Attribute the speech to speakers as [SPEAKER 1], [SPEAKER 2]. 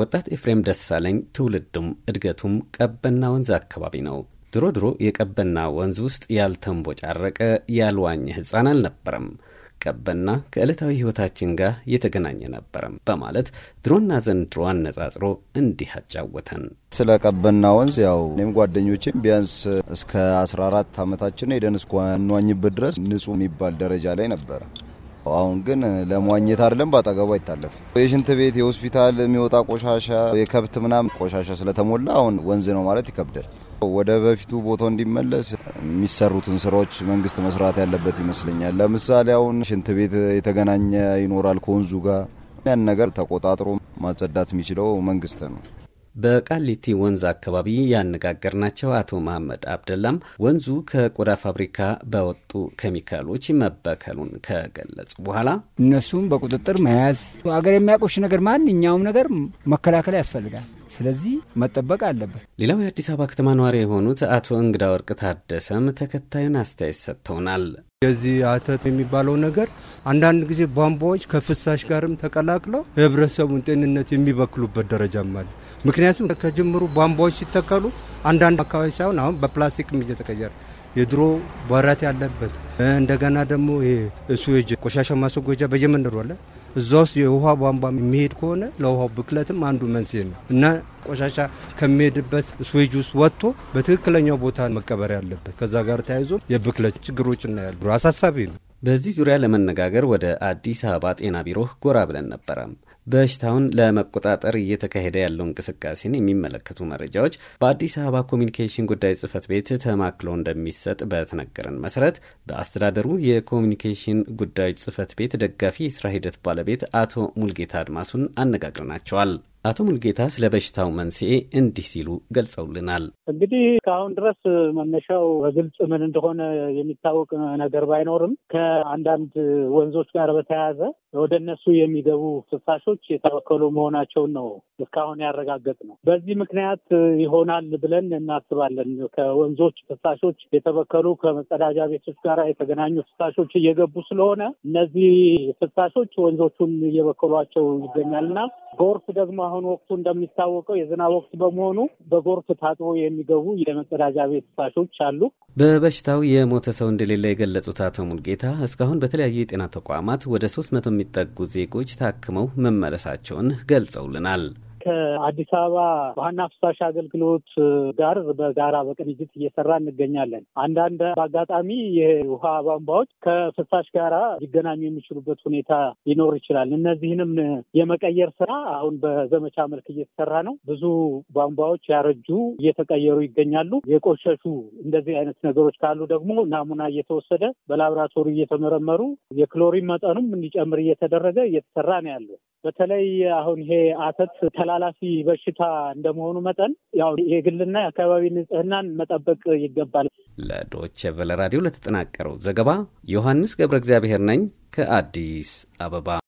[SPEAKER 1] ወጣት ኤፍሬም ደሳለኝ ትውልዱም እድገቱም ቀበና ወንዝ አካባቢ ነው። ድሮ ድሮ የቀበና ወንዝ ውስጥ ያልተንቦጫረቀ ያልዋኘ ሕፃን አልነበረም። ቀበና ከዕለታዊ ሕይወታችን ጋር የተገናኘ ነበረም በማለት ድሮና ዘንድሮ አነጻጽሮ እንዲህ አጫወተን።
[SPEAKER 2] ስለ ቀበና ወንዝ ያው እኔም ጓደኞቼም ቢያንስ እስከ 14 ዓመታችን ሄደን እስከ እንዋኝበት ድረስ ንጹህ የሚባል ደረጃ ላይ ነበረ። አሁን ግን ለመዋኘት አይደለም በአጠገቡ አይታለፍ። የሽንት ቤት፣ የሆስፒታል የሚወጣ ቆሻሻ፣ የከብት ምናምን ቆሻሻ ስለተሞላ አሁን ወንዝ ነው ማለት ይከብዳል። ወደ በፊቱ ቦታው እንዲመለስ የሚሰሩትን ስራዎች መንግስት መስራት ያለበት ይመስለኛል። ለምሳሌ አሁን ሽንት ቤት የተገናኘ ይኖራል ከወንዙ ጋር ያን ነገር ተቆጣጥሮ ማጸዳት የሚችለው
[SPEAKER 1] መንግስት ነው። በቃሊቲ ወንዝ አካባቢ ያነጋገርናቸው አቶ መሐመድ አብደላም ወንዙ ከቆዳ ፋብሪካ በወጡ ኬሚካሎች መበከሉን ከገለጹ በኋላ እነሱም በቁጥጥር መያዝ
[SPEAKER 3] ሀገር የሚያውቆች ነገር ማንኛውም ነገር መከላከል ያስፈልጋል። ስለዚህ መጠበቅ አለበት።
[SPEAKER 1] ሌላው የአዲስ አበባ ከተማ ነዋሪ የሆኑት አቶ እንግዳ ወርቅ ታደሰም ተከታዩን አስተያየት ሰጥተውናል። የዚህ አተት የሚባለው ነገር
[SPEAKER 3] አንዳንድ ጊዜ ቧንቧዎች ከፍሳሽ ጋርም ተቀላቅለው የህብረተሰቡን ጤንነት የሚበክሉበት ደረጃም አለ። ምክንያቱም ከጅምሩ ቧንቧዎች ሲተከሉ አንዳንድ አካባቢ ሳይሆን አሁን በፕላስቲክም እየተቀየረ የድሮ በረት ያለበት እንደገና ደግሞ ይሄ እሱ ቆሻሻ ማስወገጃ በየመንደሩ አለ እዛ ውስጥ የውሃ ቧንቧ የሚሄድ ከሆነ ለውሃው ብክለትም አንዱ መንስኤ ነው እና ቆሻሻ ከሚሄድበት ስዌጅ ውስጥ ወጥቶ በትክክለኛው ቦታ
[SPEAKER 1] መቀበር ያለበት። ከዛ ጋር ተያይዞ የብክለት ችግሮች እናያሉ። አሳሳቢ ነው። በዚህ ዙሪያ ለመነጋገር ወደ አዲስ አበባ ጤና ቢሮ ጎራ ብለን ነበረ። በሽታውን ለመቆጣጠር እየተካሄደ ያለው እንቅስቃሴን የሚመለከቱ መረጃዎች በአዲስ አበባ ኮሚኒኬሽን ጉዳይ ጽህፈት ቤት ተማክሎ እንደሚሰጥ በተነገረን መሰረት በአስተዳደሩ የኮሚኒኬሽን ጉዳዮች ጽህፈት ቤት ደጋፊ የስራ ሂደት ባለቤት አቶ ሙልጌታ አድማሱን አነጋግረናቸዋል። አቶ ሙልጌታ ስለ በሽታው መንስኤ እንዲህ ሲሉ ገልጸውልናል።
[SPEAKER 4] እንግዲህ ከአሁን ድረስ መነሻው በግልጽ ምን እንደሆነ የሚታወቅ ነገር ባይኖርም ከአንዳንድ ወንዞች ጋር በተያያዘ ወደ እነሱ የሚገቡ ፍሳሾች የተበከሉ መሆናቸውን ነው እስካሁን ያረጋገጥ ነው። በዚህ ምክንያት ይሆናል ብለን እናስባለን። ከወንዞች ፍሳሾች የተበከሉ ከመጸዳጃ ቤቶች ጋር የተገናኙ ፍሳሾች እየገቡ ስለሆነ እነዚህ ፍሳሾች ወንዞቹን እየበከሏቸው ይገኛልና ጎርፍ ደግሞ አሁን ወቅቱ እንደሚታወቀው የዝናብ ወቅት በመሆኑ በጎርፍ ታጥቦ የሚገቡ የመጸዳጃ ቤት ፍሳሾች አሉ።
[SPEAKER 1] በበሽታው የሞተ ሰው እንደሌለ የገለጹት አቶ ሙልጌታ እስካሁን በተለያዩ የጤና ተቋማት ወደ ሶስት መቶ የሚጠጉ ዜጎች ታክመው መመለሳቸውን ገልጸውልናል።
[SPEAKER 4] ከአዲስ አበባ ውሃና ፍሳሽ አገልግሎት ጋር በጋራ በቅንጅት እየሰራ እንገኛለን። አንዳንድ በአጋጣሚ የውሃ ቧንቧዎች ከፍሳሽ ጋራ ሊገናኙ የሚችሉበት ሁኔታ ሊኖር ይችላል። እነዚህንም የመቀየር ስራ አሁን በዘመቻ መልክ እየተሰራ ነው። ብዙ ቧንቧዎች ያረጁ እየተቀየሩ ይገኛሉ። የቆሸሹ እንደዚህ አይነት ነገሮች ካሉ ደግሞ ናሙና እየተወሰደ በላብራቶሪ እየተመረመሩ የክሎሪን መጠኑም እንዲጨምር እየተደረገ እየተሰራ ነው ያለው። በተለይ አሁን ይሄ አተት ተላላፊ በሽታ እንደመሆኑ መጠን ያው የግልና የአካባቢ ንጽህናን መጠበቅ ይገባል።
[SPEAKER 1] ለዶቼ ቨለ ራዲዮ ለተጠናቀረው ዘገባ ዮሐንስ ገብረ እግዚአብሔር ነኝ ከአዲስ አበባ።